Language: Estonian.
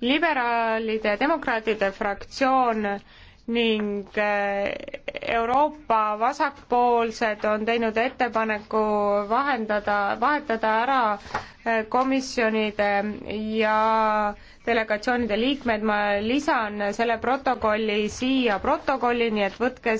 liberaalide ja demokraatide fraktsioon ning äh, Euroopa vasakpoolsed on teinud ettepaneku vahendada, vahetada ära äh, komisjonide ja delegatsioonide liikmed, ma lisan selle protokolli siia protokolli, nii et võtke